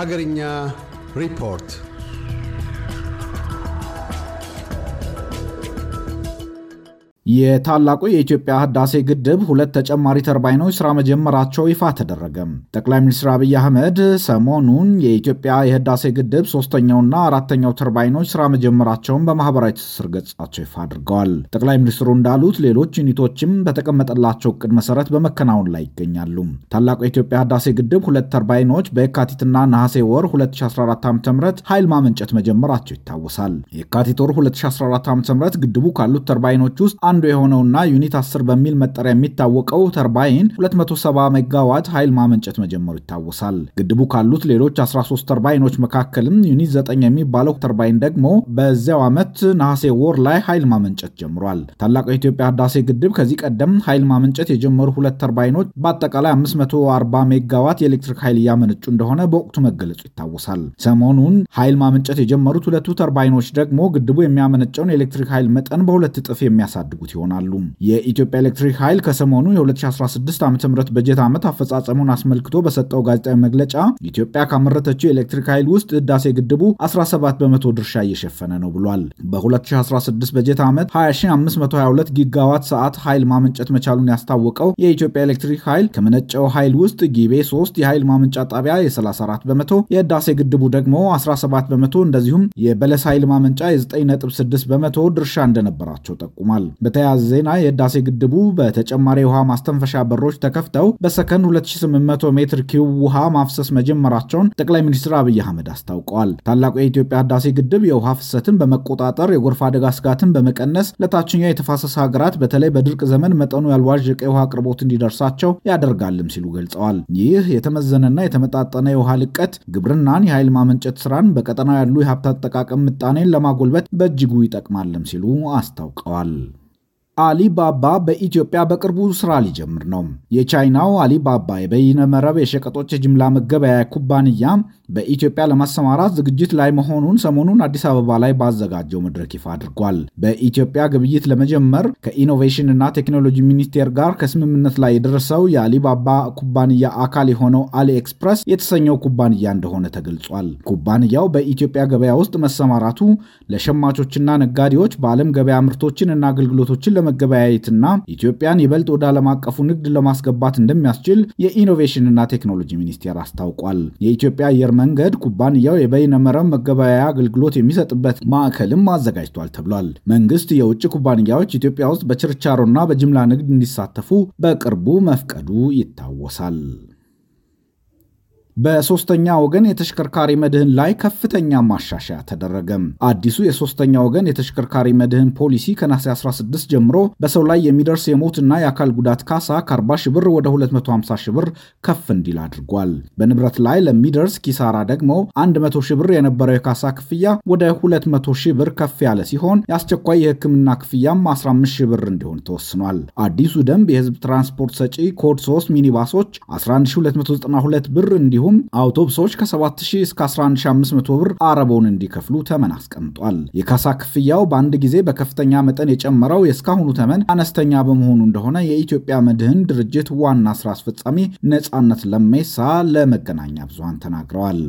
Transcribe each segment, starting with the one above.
Hagarinya Report የታላቁ የኢትዮጵያ ህዳሴ ግድብ ሁለት ተጨማሪ ተርባይኖች ስራ መጀመራቸው ይፋ ተደረገ። ጠቅላይ ሚኒስትር አብይ አህመድ ሰሞኑን የኢትዮጵያ የህዳሴ ግድብ ሶስተኛውና አራተኛው ተርባይኖች ስራ መጀመራቸውን በማህበራዊ ትስስር ገጻቸው ይፋ አድርገዋል። ጠቅላይ ሚኒስትሩ እንዳሉት ሌሎች ዩኒቶችም በተቀመጠላቸው እቅድ መሰረት በመከናወን ላይ ይገኛሉ። ታላቁ የኢትዮጵያ ህዳሴ ግድብ ሁለት ተርባይኖች በየካቲትና ነሐሴ ወር 2014 ም ኃይል ማመንጨት መጀመራቸው ይታወሳል። የካቲት ወር 2014 ዓ.ም ግድቡ ካሉት ተርባይኖች ውስጥ አንዱ የሆነውና ዩኒት 10 በሚል መጠሪያ የሚታወቀው ተርባይን 270 ሜጋዋት ኃይል ማመንጨት መጀመሩ ይታወሳል። ግድቡ ካሉት ሌሎች 13 ተርባይኖች መካከልም ዩኒት 9 የሚባለው ተርባይን ደግሞ በዚያው ዓመት ነሐሴ ወር ላይ ኃይል ማመንጨት ጀምሯል። ታላቁ የኢትዮጵያ ህዳሴ ግድብ ከዚህ ቀደም ኃይል ማመንጨት የጀመሩ ሁለት ተርባይኖች በአጠቃላይ 540 ሜጋዋት የኤሌክትሪክ ኃይል እያመነጩ እንደሆነ በወቅቱ መገለጹ ይታወሳል። ሰሞኑን ኃይል ማመንጨት የጀመሩት ሁለቱ ተርባይኖች ደግሞ ግድቡ የሚያመነጨውን የኤሌክትሪክ ኃይል መጠን በሁለት እጥፍ የሚያሳድጉ የሚያደርጉት ይሆናሉ። የኢትዮጵያ ኤሌክትሪክ ኃይል ከሰሞኑ የ2016 ዓ ም በጀት ዓመት አፈጻጸሙን አስመልክቶ በሰጠው ጋዜጣዊ መግለጫ ኢትዮጵያ ካመረተችው የኤሌክትሪክ ኃይል ውስጥ ህዳሴ ግድቡ 17 በመቶ ድርሻ እየሸፈነ ነው ብሏል። በ2016 በጀት ዓመት 20522 ጊጋዋት ሰዓት ኃይል ማመንጨት መቻሉን ያስታወቀው የኢትዮጵያ ኤሌክትሪክ ኃይል ከመነጨው ኃይል ውስጥ ጊቤ 3 የኃይል ማመንጫ ጣቢያ የ34 በመቶ፣ የህዳሴ ግድቡ ደግሞ 17 በመቶ እንደዚሁም የበለስ ኃይል ማመንጫ የ9.6 በመቶ ድርሻ እንደነበራቸው ጠቁሟል በተያያዘ ዜና የህዳሴ ግድቡ በተጨማሪ የውሃ ማስተንፈሻ በሮች ተከፍተው በሰከንድ 2800 ሜትር ኪዩብ ውሃ ማፍሰስ መጀመራቸውን ጠቅላይ ሚኒስትር አብይ አህመድ አስታውቀዋል። ታላቁ የኢትዮጵያ ህዳሴ ግድብ የውሃ ፍሰትን በመቆጣጠር የጎርፍ አደጋ ስጋትን በመቀነስ ለታችኛው የተፋሰስ ሀገራት በተለይ በድርቅ ዘመን መጠኑ ያልዋዠቀ የውሃ አቅርቦት እንዲደርሳቸው ያደርጋልም ሲሉ ገልጸዋል። ይህ የተመዘነና የተመጣጠነ የውሃ ልቀት ግብርናን፣ የኃይል ማመንጨት ስራን፣ በቀጠና ያሉ የሀብት አጠቃቀም ምጣኔን ለማጎልበት በእጅጉ ይጠቅማልም ሲሉ አስታውቀዋል። አሊባባ በኢትዮጵያ በቅርቡ ስራ ሊጀምር ነው። የቻይናው አሊባባ የበይነ መረብ የሸቀጦች የጅምላ መገበያያ ኩባንያ በኢትዮጵያ ለማሰማራት ዝግጅት ላይ መሆኑን ሰሞኑን አዲስ አበባ ላይ ባዘጋጀው መድረክ ይፋ አድርጓል። በኢትዮጵያ ግብይት ለመጀመር ከኢኖቬሽን እና ቴክኖሎጂ ሚኒስቴር ጋር ከስምምነት ላይ የደረሰው የአሊባባ ኩባንያ አካል የሆነው አሊ ኤክስፕረስ የተሰኘው ኩባንያ እንደሆነ ተገልጿል። ኩባንያው በኢትዮጵያ ገበያ ውስጥ መሰማራቱ ለሸማቾችና ነጋዴዎች በዓለም ገበያ ምርቶችን እና አገልግሎቶችን ለመገበያየትና ኢትዮጵያን ይበልጥ ወደ ዓለም አቀፉ ንግድ ለማስገባት እንደሚያስችል የኢኖቬሽንና ቴክኖሎጂ ሚኒስቴር አስታውቋል። የኢትዮጵያ አየር መንገድ ኩባንያው የበይነ መገበያያ አገልግሎት የሚሰጥበት ማዕከልም አዘጋጅቷል ተብሏል። መንግስት የውጭ ኩባንያዎች ኢትዮጵያ ውስጥ በችርቻሮና በጅምላ ንግድ እንዲሳተፉ በቅርቡ መፍቀዱ ይታወሳል። በሶስተኛ ወገን የተሽከርካሪ መድህን ላይ ከፍተኛ ማሻሻያ ተደረገ። አዲሱ የሶስተኛ ወገን የተሽከርካሪ መድህን ፖሊሲ ከነሐሴ 16 ጀምሮ በሰው ላይ የሚደርስ የሞትና የአካል ጉዳት ካሳ ከ40 ሺህ ብር ወደ 250 ሺህ ብር ከፍ እንዲል አድርጓል። በንብረት ላይ ለሚደርስ ኪሳራ ደግሞ 100 ሺህ ብር የነበረው የካሳ ክፍያ ወደ 200 ሺህ ብር ከፍ ያለ ሲሆን የአስቸኳይ የሕክምና ክፍያም 15 ሺህ ብር እንዲሆን ተወስኗል። አዲሱ ደንብ የህዝብ ትራንስፖርት ሰጪ ኮድ 3 ሚኒባሶች 11292 ብር እንዲሁ እንዲሁም አውቶቡሶች ከ7000 እስከ 11500 ብር አረቦን እንዲከፍሉ ተመን አስቀምጧል። የካሳ ክፍያው በአንድ ጊዜ በከፍተኛ መጠን የጨመረው የእስካሁኑ ተመን አነስተኛ በመሆኑ እንደሆነ የኢትዮጵያ መድህን ድርጅት ዋና ስራ አስፈጻሚ ነጻነት ለሜሳ ለመገናኛ ብዙሃን ተናግረዋል።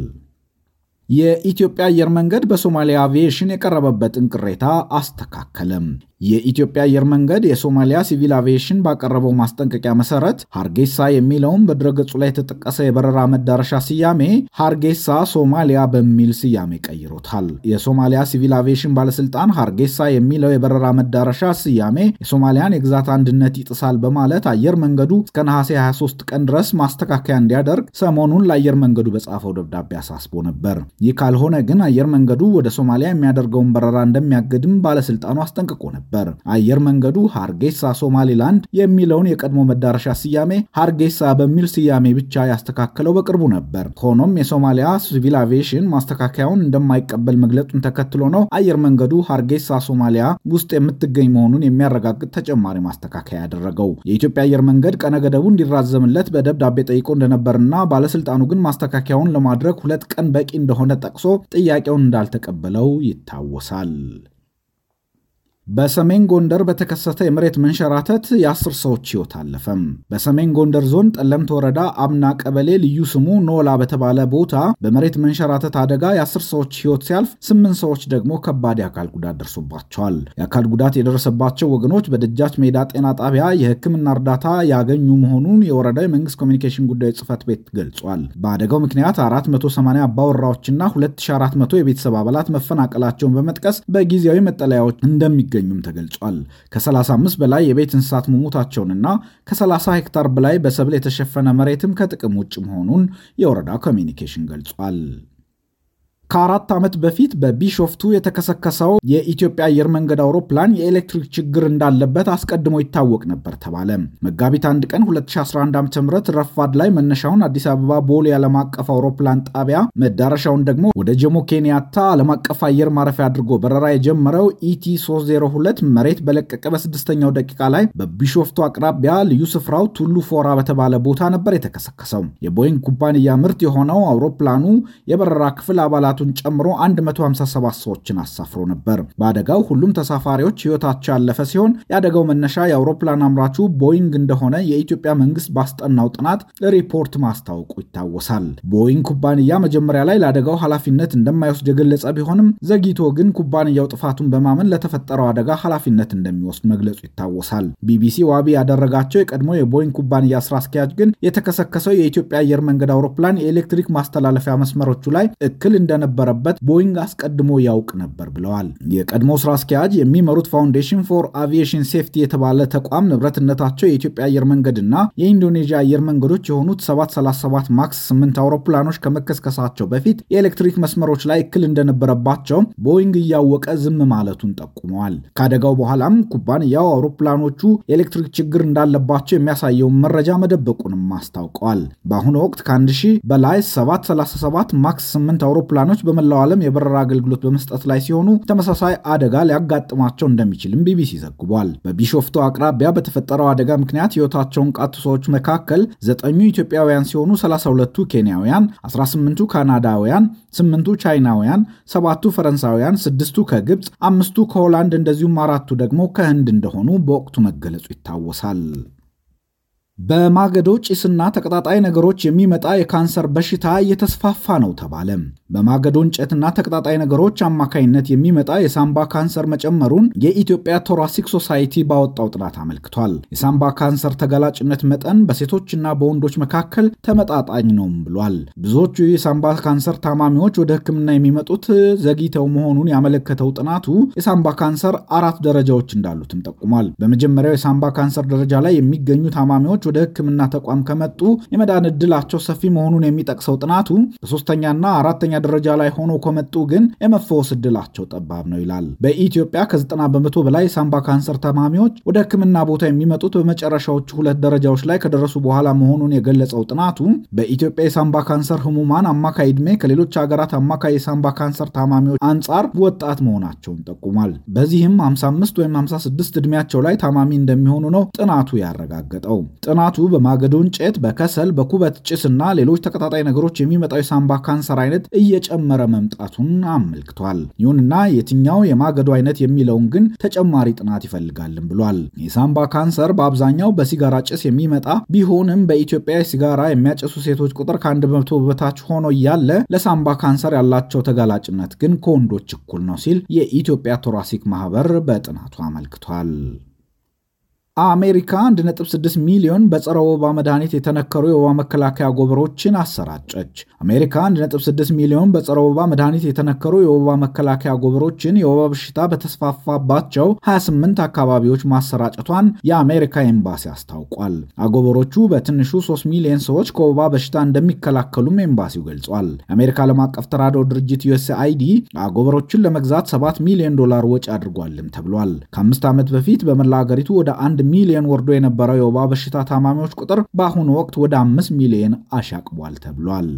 የኢትዮጵያ አየር መንገድ በሶማሊያ አቪዬሽን የቀረበበትን ቅሬታ አስተካከለም። የኢትዮጵያ አየር መንገድ የሶማሊያ ሲቪል አቪዬሽን ባቀረበው ማስጠንቀቂያ መሰረት ሀርጌሳ የሚለውን በድረገጹ ላይ የተጠቀሰ የበረራ መዳረሻ ስያሜ ሀርጌሳ ሶማሊያ በሚል ስያሜ ቀይሮታል። የሶማሊያ ሲቪል አቪዬሽን ባለስልጣን ሀርጌሳ የሚለው የበረራ መዳረሻ ስያሜ የሶማሊያን የግዛት አንድነት ይጥሳል በማለት አየር መንገዱ እስከ ነሐሴ 23 ቀን ድረስ ማስተካከያ እንዲያደርግ ሰሞኑን ለአየር መንገዱ በጻፈው ደብዳቤ አሳስቦ ነበር። ይህ ካልሆነ ግን አየር መንገዱ ወደ ሶማሊያ የሚያደርገውን በረራ እንደሚያግድም ባለስልጣኑ አስጠንቅቆ ነበር። አየር መንገዱ ሃርጌሳ ሶማሊላንድ የሚለውን የቀድሞ መዳረሻ ስያሜ ሃርጌሳ በሚል ስያሜ ብቻ ያስተካከለው በቅርቡ ነበር። ሆኖም የሶማሊያ ሲቪል አቪዬሽን ማስተካከያውን እንደማይቀበል መግለጹን ተከትሎ ነው አየር መንገዱ ሃርጌሳ ሶማሊያ ውስጥ የምትገኝ መሆኑን የሚያረጋግጥ ተጨማሪ ማስተካከያ ያደረገው። የኢትዮጵያ አየር መንገድ ቀነ ገደቡ እንዲራዘምለት በደብዳቤ ጠይቆ እንደነበርና ባለስልጣኑ ግን ማስተካከያውን ለማድረግ ሁለት ቀን በቂ እንደሆነ ተጠቅሶ ጥያቄውን እንዳልተቀበለው ይታወሳል። በሰሜን ጎንደር በተከሰተ የመሬት መንሸራተት የአስር ሰዎች ሕይወት አለፈ። በሰሜን ጎንደር ዞን ጠለምት ወረዳ አምና ቀበሌ ልዩ ስሙ ኖላ በተባለ ቦታ በመሬት መንሸራተት አደጋ የአስር ሰዎች ሕይወት ሲያልፍ ስምንት ሰዎች ደግሞ ከባድ የአካል ጉዳት ደርሶባቸዋል። የአካል ጉዳት የደረሰባቸው ወገኖች በደጃች ሜዳ ጤና ጣቢያ የሕክምና እርዳታ ያገኙ መሆኑን የወረዳው የመንግስት ኮሚኒኬሽን ጉዳዮች ጽህፈት ቤት ገልጿል። በአደጋው ምክንያት 480 አባወራዎችና 2400 የቤተሰብ አባላት መፈናቀላቸውን በመጥቀስ በጊዜያዊ መጠለያዎች እንደሚገኙ እንደሚገኙም ተገልጿል። ከ35 በላይ የቤት እንስሳት መሞታቸውንና ከ30 ሄክታር በላይ በሰብል የተሸፈነ መሬትም ከጥቅም ውጭ መሆኑን የወረዳ ኮሚኒኬሽን ገልጿል። ከአራት ዓመት በፊት በቢሾፍቱ የተከሰከሰው የኢትዮጵያ አየር መንገድ አውሮፕላን የኤሌክትሪክ ችግር እንዳለበት አስቀድሞ ይታወቅ ነበር ተባለ። መጋቢት አንድ ቀን 2011 ዓ.ም ረፋድ ላይ መነሻውን አዲስ አበባ ቦሌ ዓለም አቀፍ አውሮፕላን ጣቢያ መዳረሻውን ደግሞ ወደ ጆሞ ኬንያታ ዓለም አቀፍ አየር ማረፊያ አድርጎ በረራ የጀመረው ኢቲ 302 መሬት በለቀቀ በስድስተኛው ደቂቃ ላይ በቢሾፍቱ አቅራቢያ ልዩ ስፍራው ቱሉ ፎራ በተባለ ቦታ ነበር የተከሰከሰው። የቦይንግ ኩባንያ ምርት የሆነው አውሮፕላኑ የበረራ ክፍል አባላቱ ህጻናቱን ጨምሮ 157 ሰዎችን አሳፍሮ ነበር። በአደጋው ሁሉም ተሳፋሪዎች ህይወታቸው ያለፈ ሲሆን የአደጋው መነሻ የአውሮፕላን አምራቹ ቦይንግ እንደሆነ የኢትዮጵያ መንግስት ባስጠናው ጥናት ሪፖርት ማስታወቁ ይታወሳል። ቦይንግ ኩባንያ መጀመሪያ ላይ ለአደጋው ኃላፊነት እንደማይወስድ የገለጸ ቢሆንም ዘግይቶ ግን ኩባንያው ጥፋቱን በማመን ለተፈጠረው አደጋ ኃላፊነት እንደሚወስድ መግለጹ ይታወሳል። ቢቢሲ ዋቢ ያደረጋቸው የቀድሞ የቦይንግ ኩባንያ ስራ አስኪያጅ ግን የተከሰከሰው የኢትዮጵያ አየር መንገድ አውሮፕላን የኤሌክትሪክ ማስተላለፊያ መስመሮቹ ላይ እክል እንደነበ እንደነበረበት ቦይንግ አስቀድሞ ያውቅ ነበር ብለዋል። የቀድሞ ስራ አስኪያጅ የሚመሩት ፋውንዴሽን ፎር አቪዬሽን ሴፍቲ የተባለ ተቋም ንብረትነታቸው የኢትዮጵያ አየር መንገድና የኢንዶኔዥያ አየር መንገዶች የሆኑት 737 ማክስ 8 አውሮፕላኖች ከመከስከሳቸው በፊት የኤሌክትሪክ መስመሮች ላይ እክል እንደነበረባቸው ቦይንግ እያወቀ ዝም ማለቱን ጠቁመዋል። ከአደጋው በኋላም ኩባንያው አውሮፕላኖቹ የኤሌክትሪክ ችግር እንዳለባቸው የሚያሳየውን መረጃ መደበቁንም አስታውቀዋል። በአሁኑ ወቅት ከ1000 በላይ 737 ማክስ 8 አውሮፕላኖች አውሮፕላኖች በመላው ዓለም የበረራ አገልግሎት በመስጠት ላይ ሲሆኑ ተመሳሳይ አደጋ ሊያጋጥማቸው እንደሚችልም ቢቢሲ ዘግቧል። በቢሾፍቱ አቅራቢያ በተፈጠረው አደጋ ምክንያት ሕይወታቸውን ቃቱ ሰዎች መካከል ዘጠኙ ኢትዮጵያውያን ሲሆኑ 32ቱ ኬንያውያን፣ 18ቱ ካናዳውያን፣ ስምንቱ ቻይናውያን፣ ሰባቱ ፈረንሳውያን፣ ስድስቱ ከግብፅ፣ አምስቱ ከሆላንድ እንደዚሁም አራቱ ደግሞ ከህንድ እንደሆኑ በወቅቱ መገለጹ ይታወሳል። በማገዶ ጭስና ተቀጣጣይ ነገሮች የሚመጣ የካንሰር በሽታ እየተስፋፋ ነው ተባለ። በማገዶ እንጨትና ተቀጣጣይ ነገሮች አማካኝነት የሚመጣ የሳምባ ካንሰር መጨመሩን የኢትዮጵያ ቶራሲክ ሶሳይቲ ባወጣው ጥናት አመልክቷል። የሳምባ ካንሰር ተጋላጭነት መጠን በሴቶችና በወንዶች መካከል ተመጣጣኝ ነውም ብሏል። ብዙዎቹ የሳምባ ካንሰር ታማሚዎች ወደ ሕክምና የሚመጡት ዘግይተው መሆኑን ያመለከተው ጥናቱ የሳምባ ካንሰር አራት ደረጃዎች እንዳሉትም ጠቁሟል። በመጀመሪያው የሳምባ ካንሰር ደረጃ ላይ የሚገኙ ታማሚዎች ወደ ሕክምና ተቋም ከመጡ የመዳን እድላቸው ሰፊ መሆኑን የሚጠቅሰው ጥናቱ በሶስተኛና አራተኛ ደረጃ ላይ ሆኖ ከመጡ ግን የመፈወስ እድላቸው ጠባብ ነው ይላል። በኢትዮጵያ ከዘጠና በመቶ በላይ ሳምባ ካንሰር ታማሚዎች ወደ ሕክምና ቦታ የሚመጡት በመጨረሻዎቹ ሁለት ደረጃዎች ላይ ከደረሱ በኋላ መሆኑን የገለጸው ጥናቱ በኢትዮጵያ የሳምባ ካንሰር ህሙማን አማካይ ዕድሜ ከሌሎች ሀገራት አማካይ የሳምባ ካንሰር ታማሚዎች አንጻር ወጣት መሆናቸውን ጠቁሟል። በዚህም 55 ወይም 56 ዕድሜያቸው ላይ ታማሚ እንደሚሆኑ ነው ጥናቱ ያረጋገጠው። ጥናቱ በማገዶ እንጨት፣ በከሰል፣ በኩበት ጭስና ሌሎች ተቀጣጣይ ነገሮች የሚመጣው የሳምባ ካንሰር አይነት እየጨመረ መምጣቱን አመልክቷል። ይሁንና የትኛው የማገዶ አይነት የሚለውን ግን ተጨማሪ ጥናት ይፈልጋልን ብሏል። የሳምባ ካንሰር በአብዛኛው በሲጋራ ጭስ የሚመጣ ቢሆንም በኢትዮጵያ ሲጋራ የሚያጨሱ ሴቶች ቁጥር ከአንድ መቶ በታች ሆኖ እያለ ለሳምባ ካንሰር ያላቸው ተጋላጭነት ግን ከወንዶች እኩል ነው ሲል የኢትዮጵያ ቶራሲክ ማህበር በጥናቱ አመልክቷል። አሜሪካ 1.6 ሚሊዮን በጸረ ወባ መድኃኒት የተነከሩ የወባ መከላከያ ጎበሮችን አሰራጨች። አሜሪካ 1.6 ሚሊዮን በጸረ ወባ መድኃኒት የተነከሩ የወባ መከላከያ ጎበሮችን የወባ በሽታ በተስፋፋባቸው 28 አካባቢዎች ማሰራጨቷን የአሜሪካ ኤምባሲ አስታውቋል። አጎበሮቹ በትንሹ 3 ሚሊዮን ሰዎች ከወባ በሽታ እንደሚከላከሉም ኤምባሲው ገልጿል። የአሜሪካ ዓለም አቀፍ ተራድኦ ድርጅት ዩኤስአይዲ አጎበሮችን ለመግዛት 7 ሚሊዮን ዶላር ወጪ አድርጓልም ተብሏል። ከአምስት ዓመት በፊት በመላ አገሪቱ ወደ አንድ 1 ሚሊዮን ወርዶ የነበረው የወባ በሽታ ታማሚዎች ቁጥር በአሁኑ ወቅት ወደ 5 ሚሊዮን አሻቅቧል ተብሏል።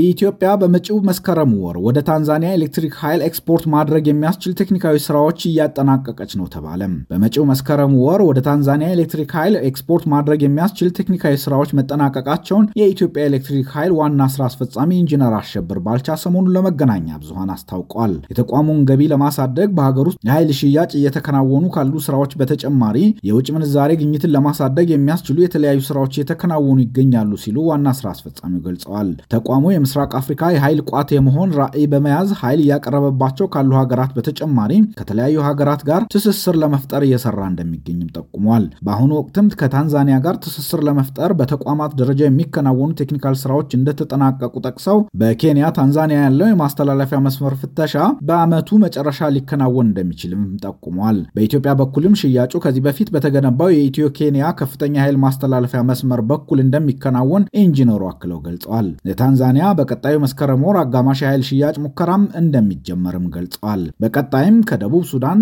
ኢትዮጵያ በመጪው መስከረም ወር ወደ ታንዛኒያ ኤሌክትሪክ ኃይል ኤክስፖርት ማድረግ የሚያስችል ቴክኒካዊ ስራዎች እያጠናቀቀች ነው ተባለ። በመጪው መስከረም ወር ወደ ታንዛኒያ ኤሌክትሪክ ኃይል ኤክስፖርት ማድረግ የሚያስችል ቴክኒካዊ ስራዎች መጠናቀቃቸውን የኢትዮጵያ ኤሌክትሪክ ኃይል ዋና ስራ አስፈጻሚ ኢንጂነር አሸብር ባልቻ ሰሞኑን ለመገናኛ ብዙሃን አስታውቋል። የተቋሙን ገቢ ለማሳደግ በሀገር ውስጥ የኃይል ሽያጭ እየተከናወኑ ካሉ ስራዎች በተጨማሪ የውጭ ምንዛሬ ግኝትን ለማሳደግ የሚያስችሉ የተለያዩ ስራዎች እየተከናወኑ ይገኛሉ ሲሉ ዋና ስራ አስፈጻሚው ገልጸዋል። ተቋሙ የምስራቅ አፍሪካ የኃይል ቋት የመሆን ራዕይ በመያዝ ኃይል እያቀረበባቸው ካሉ ሀገራት በተጨማሪ ከተለያዩ ሀገራት ጋር ትስስር ለመፍጠር እየሰራ እንደሚገኝም ጠቁሟል። በአሁኑ ወቅትም ከታንዛኒያ ጋር ትስስር ለመፍጠር በተቋማት ደረጃ የሚከናወኑ ቴክኒካል ስራዎች እንደተጠናቀቁ ጠቅሰው በኬንያ ታንዛኒያ ያለው የማስተላለፊያ መስመር ፍተሻ በዓመቱ መጨረሻ ሊከናወን እንደሚችልም ጠቁሟል። በኢትዮጵያ በኩልም ሽያጩ ከዚህ በፊት በተገነባው የኢትዮ ኬንያ ከፍተኛ ኃይል ማስተላለፊያ መስመር በኩል እንደሚከናወን ኢንጂነሩ አክለው ገልጸዋል። የታንዛኒያ በቀጣዩ መስከረም ወር አጋማሽ የኃይል ሽያጭ ሙከራም እንደሚጀመርም ገልጸዋል። በቀጣይም ከደቡብ ሱዳን፣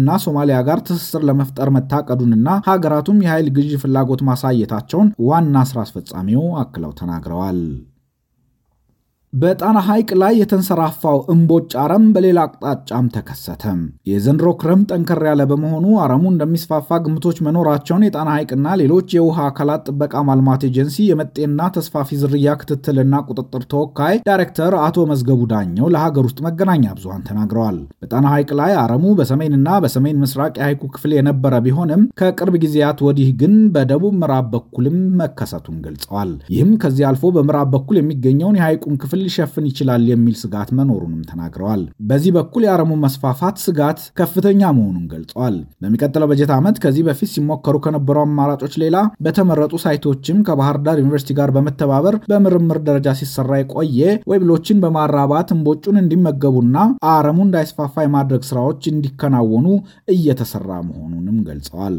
እና ሶማሊያ ጋር ትስስር ለመፍጠር መታቀዱንና ሀገራቱም የኃይል ግዢ ፍላጎት ማሳየታቸውን ዋና ስራ አስፈጻሚው አክለው ተናግረዋል። በጣና ሐይቅ ላይ የተንሰራፋው እምቦጭ አረም በሌላ አቅጣጫም ተከሰተ። የዘንድሮ ክረምት ጠንከር ያለ በመሆኑ አረሙ እንደሚስፋፋ ግምቶች መኖራቸውን የጣና ሐይቅና ሌሎች የውሃ አካላት ጥበቃ ማልማት ኤጀንሲ የመጤና ተስፋፊ ዝርያ ክትትልና ቁጥጥር ተወካይ ዳይሬክተር አቶ መዝገቡ ዳኘው ለሀገር ውስጥ መገናኛ ብዙሃን ተናግረዋል። በጣና ሐይቅ ላይ አረሙ በሰሜንና በሰሜን ምስራቅ የሐይቁ ክፍል የነበረ ቢሆንም ከቅርብ ጊዜያት ወዲህ ግን በደቡብ ምዕራብ በኩልም መከሰቱን ገልጸዋል። ይህም ከዚህ አልፎ በምዕራብ በኩል የሚገኘውን የሐይቁን ክፍል ክፍል ሊሸፍን ይችላል የሚል ስጋት መኖሩንም ተናግረዋል። በዚህ በኩል የአረሙ መስፋፋት ስጋት ከፍተኛ መሆኑን ገልጸዋል። በሚቀጥለው በጀት ዓመት ከዚህ በፊት ሲሞከሩ ከነበሩ አማራጮች ሌላ በተመረጡ ሳይቶችም ከባህር ዳር ዩኒቨርሲቲ ጋር በመተባበር በምርምር ደረጃ ሲሰራ የቆየ ወይብሎችን በማራባት እንቦጩን እንዲመገቡና አረሙ እንዳይስፋፋ የማድረግ ስራዎች እንዲከናወኑ እየተሰራ መሆኑንም ገልጸዋል።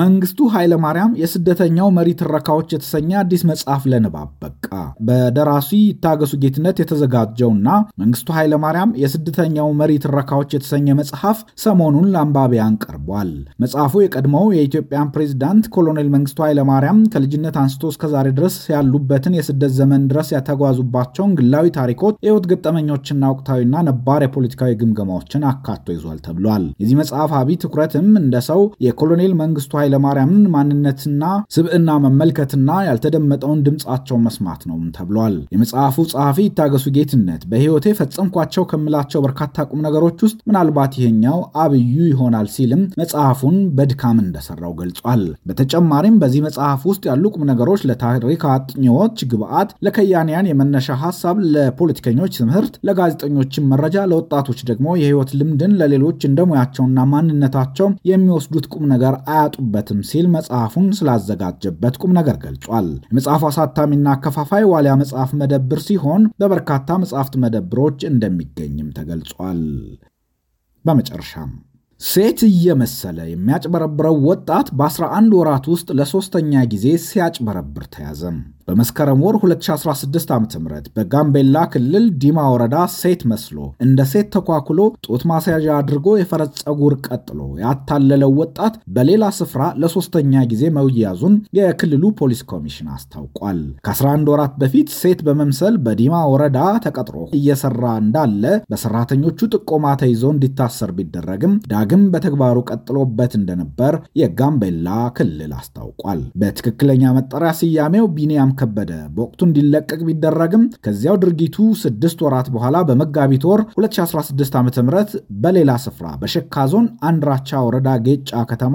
መንግስቱ ኃይለማርያም የስደተኛው መሪ ትረካዎች የተሰኘ አዲስ መጽሐፍ ለንባብ በቃ። በደራሲ ይታገሱ ጌትነት የተዘጋጀውና መንግስቱ ኃይለማርያም የስደተኛው መሪ ትረካዎች የተሰኘ መጽሐፍ ሰሞኑን ለአንባቢያን ቀርቧል። መጽሐፉ የቀድሞው የኢትዮጵያን ፕሬዚዳንት ኮሎኔል መንግስቱ ኃይለማርያም ከልጅነት አንስቶ እስከዛሬ ድረስ ያሉበትን የስደት ዘመን ድረስ ያተጓዙባቸውን ግላዊ ታሪኮች፣ የህይወት ገጠመኞችና ወቅታዊና ነባር የፖለቲካዊ ግምገማዎችን አካቶ ይዟል ተብሏል። የዚህ መጽሐፍ አብይ ትኩረትም እንደ ሰው የኮሎኔል መንግስቱ ኃይለማርያምን ማንነትና ስብዕና መመልከትና ያልተደመጠውን ድምፃቸው መስማት ነው ተብሏል። የመጽሐፉ ጸሐፊ ይታገሱ ጌትነት በሕይወቴ ፈጸምኳቸው ከምላቸው በርካታ ቁም ነገሮች ውስጥ ምናልባት ይሄኛው አብዩ ይሆናል ሲልም መጽሐፉን በድካም እንደሰራው ገልጿል። በተጨማሪም በዚህ መጽሐፍ ውስጥ ያሉ ቁም ነገሮች ለታሪክ አጥኚዎች ግብዓት፣ ለከያንያን የመነሻ ሀሳብ፣ ለፖለቲከኞች ትምህርት፣ ለጋዜጠኞችን መረጃ፣ ለወጣቶች ደግሞ የህይወት ልምድን ለሌሎች እንደሙያቸውና ማንነታቸው የሚወስዱት ቁም ነገር አያጡ አይደርሱበትም ሲል መጽሐፉን ስላዘጋጀበት ቁም ነገር ገልጿል። የመጽሐፉ አሳታሚና አከፋፋይ ዋሊያ መጽሐፍ መደብር ሲሆን በበርካታ መጽሐፍት መደብሮች እንደሚገኝም ተገልጿል። በመጨረሻም ሴት እየመሰለ የሚያጭበረብረው ወጣት በ11 ወራት ውስጥ ለሶስተኛ ጊዜ ሲያጭበረብር ተያዘም። በመስከረም ወር 2016 ዓ ም በጋምቤላ ክልል ዲማ ወረዳ ሴት መስሎ እንደ ሴት ተኳኩሎ ጡት ማስያዣ አድርጎ የፈረስ ጸጉር ቀጥሎ ያታለለው ወጣት በሌላ ስፍራ ለሶስተኛ ጊዜ መያዙን የክልሉ ፖሊስ ኮሚሽን አስታውቋል። ከ11 ወራት በፊት ሴት በመምሰል በዲማ ወረዳ ተቀጥሮ እየሰራ እንዳለ በሰራተኞቹ ጥቆማ ተይዞ እንዲታሰር ቢደረግም ዳግም በተግባሩ ቀጥሎበት እንደነበር የጋምቤላ ክልል አስታውቋል። በትክክለኛ መጠሪያ ስያሜው ቢኒያም ከበደ በወቅቱ እንዲለቀቅ ቢደረግም ከዚያው ድርጊቱ ስድስት ወራት በኋላ በመጋቢት ወር 2016 ዓ ም በሌላ ስፍራ በሸካ ዞን አንድራቻ ወረዳ ጌጫ ከተማ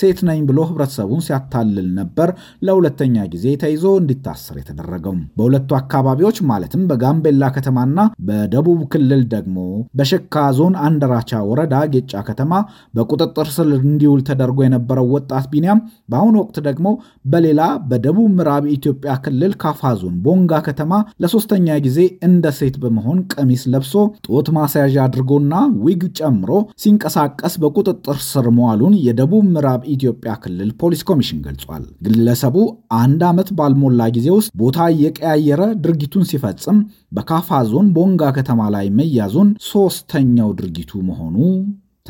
ሴት ነኝ ብሎ ህብረተሰቡን ሲያታልል ነበር ለሁለተኛ ጊዜ ተይዞ እንዲታሰር የተደረገው። በሁለቱ አካባቢዎች ማለትም በጋምቤላ ከተማና በደቡብ ክልል ደግሞ በሸካ ዞን አንድራቻ ወረዳ ጌጫ ከተማ ከተማ በቁጥጥር ስር እንዲውል ተደርጎ የነበረው ወጣት ቢኒያም በአሁኑ ወቅት ደግሞ በሌላ በደቡብ ምዕራብ ኢትዮጵያ ክልል ካፋ ዞን ቦንጋ ከተማ ለሶስተኛ ጊዜ እንደ ሴት በመሆን ቀሚስ ለብሶ ጡት ማስያዣ አድርጎና ዊግ ጨምሮ ሲንቀሳቀስ በቁጥጥር ስር መዋሉን የደቡብ ምዕራብ ኢትዮጵያ ክልል ፖሊስ ኮሚሽን ገልጿል። ግለሰቡ አንድ ዓመት ባልሞላ ጊዜ ውስጥ ቦታ እየቀያየረ ድርጊቱን ሲፈጽም በካፋ ዞን ቦንጋ ከተማ ላይ መያዙን ሶስተኛው ድርጊቱ መሆኑ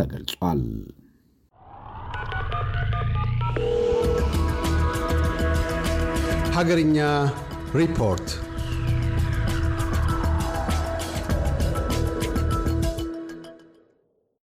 ተገልጿል። ሀገርኛ ሪፖርት